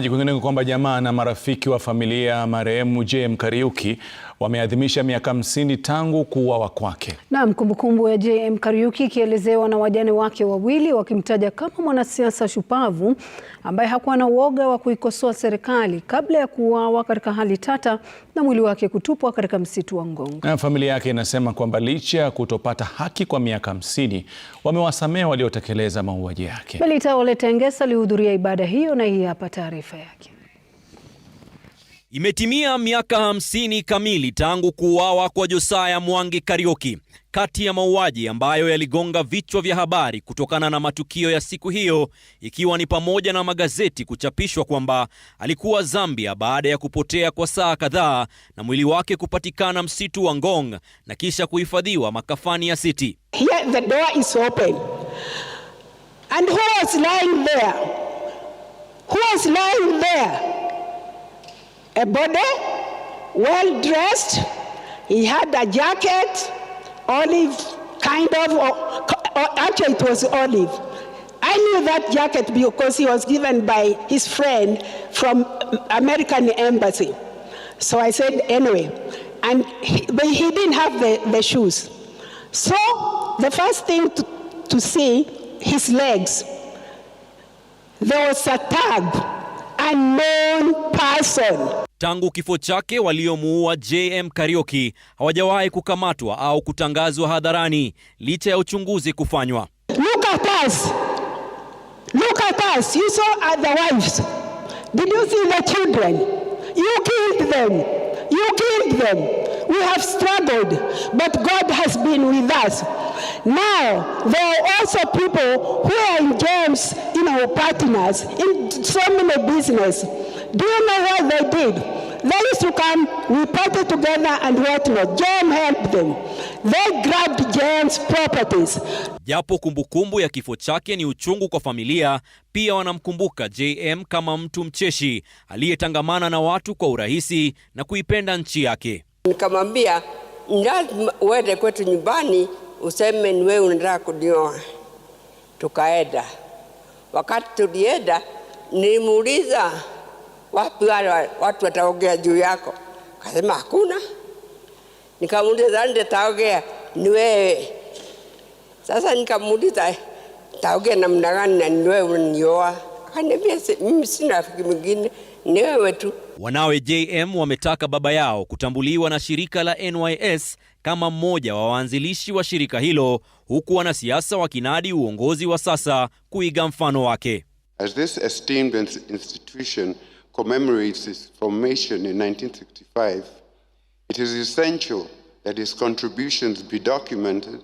Kwingineko kwamba jamaa na marafiki wa familia marehemu JM Kariuki wameadhimisha miaka hamsini tangu kuuawa kwake. Naam, kumbukumbu ya JM Kariuki ikielezewa na wajane wake wawili wakimtaja kama mwanasiasa shupavu ambaye hakuwa na uoga wa kuikosoa serikali kabla ya kuuawa katika hali tata na mwili wake kutupwa katika msitu wa Ngong. Na familia yake inasema kwamba licha ya kutopata haki kwa miaka hamsini wamewasamea waliotekeleza mauaji yake. Belita Ole Tengesa alihudhuria ibada hiyo na hii hapa taarifa taarifa yake. Imetimia miaka hamsini kamili tangu kuuawa kwa Josaya Mwangi Kariuki. Kati ya mauaji ambayo yaligonga vichwa vya habari kutokana na matukio ya siku hiyo, ikiwa ni pamoja na magazeti kuchapishwa kwamba alikuwa Zambia baada ya kupotea kwa saa kadhaa na mwili wake kupatikana msitu wa Ngong na kisha kuhifadhiwa makafani ya City. Here the door is open. And who was lying there? who was lying there. A body, well dressed, he had a jacket, olive kind of, or, or actually it was olive. I knew that jacket because he was given by his friend from American embassy. So I said, anyway, and he, but he didn't have the, the shoes. So the first thing to, to see, his legs. There was a third unknown person. Tangu kifo chake waliomuua JM Kariuki hawajawahi kukamatwa au kutangazwa hadharani licha ya uchunguzi kufanywa. Look at us. Look at us. You saw other wives. Did you see the children? You killed them. You killed them. We have struggled, but God has been with us. Now, there are also people who are in games, in our partners, in so many business. Do you know what they did? They used to come, we party together and whatnot. Jane helped them. They grabbed Jane's properties. Japo kumbukumbu ya kifo chake ni uchungu kwa familia, pia wanamkumbuka JM kama mtu mcheshi aliyetangamana na watu kwa urahisi na kuipenda nchi yake. Nikamwambia lazima uende kwetu nyumbani useme ni wewe unataka kunioa. Tukaenda. Wakati tulienda, nilimuuliza wapi wale watu wataongea juu yako? kasema hakuna. Nikamuuliza nani ataongea? Ni wewe. Sasa nikamuuliza eh, taongea namna gani na ni wewe unanioa? Akaniambia mimi sina rafiki mwingine, ni wewe tu. Wanawe JM wametaka baba yao kutambuliwa na shirika la NYS kama mmoja wa waanzilishi wa shirika hilo, huku wanasiasa wakinadi uongozi wa sasa kuiga mfano wake. As this esteemed institution commemorates its formation in 1965, it is essential that its contributions be documented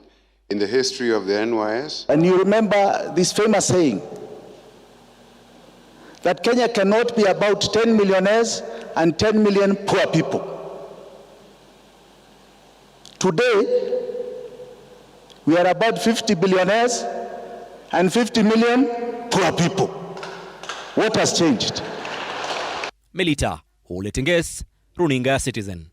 in the history of the NYS. And you remember this famous saying that Kenya cannot be about 10 millionaires and 10 million poor people. Today, we are about 50 billionaires and 50 million poor people. What has changed? Melita Oletenges, Runinga Citizen.